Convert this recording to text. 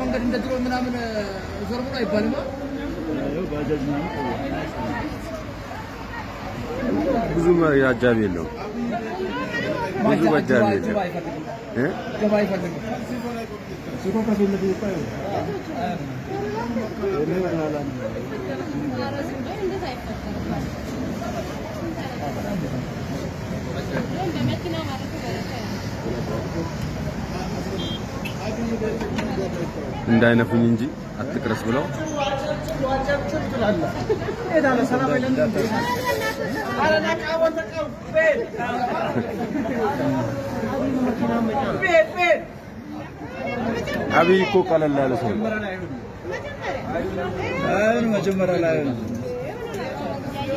መንገድ እንደ ድሮ ምናምን ዞር ብሎ አይባልም። ብዙ አጃቢ የለውም። ብዙ አጃቢ የለውም። እንዳይነፉኝ እንጂ አትቅረስ ብለው አብይ እኮ ቀለል ያለ ሰው መጀመሪያ ላይ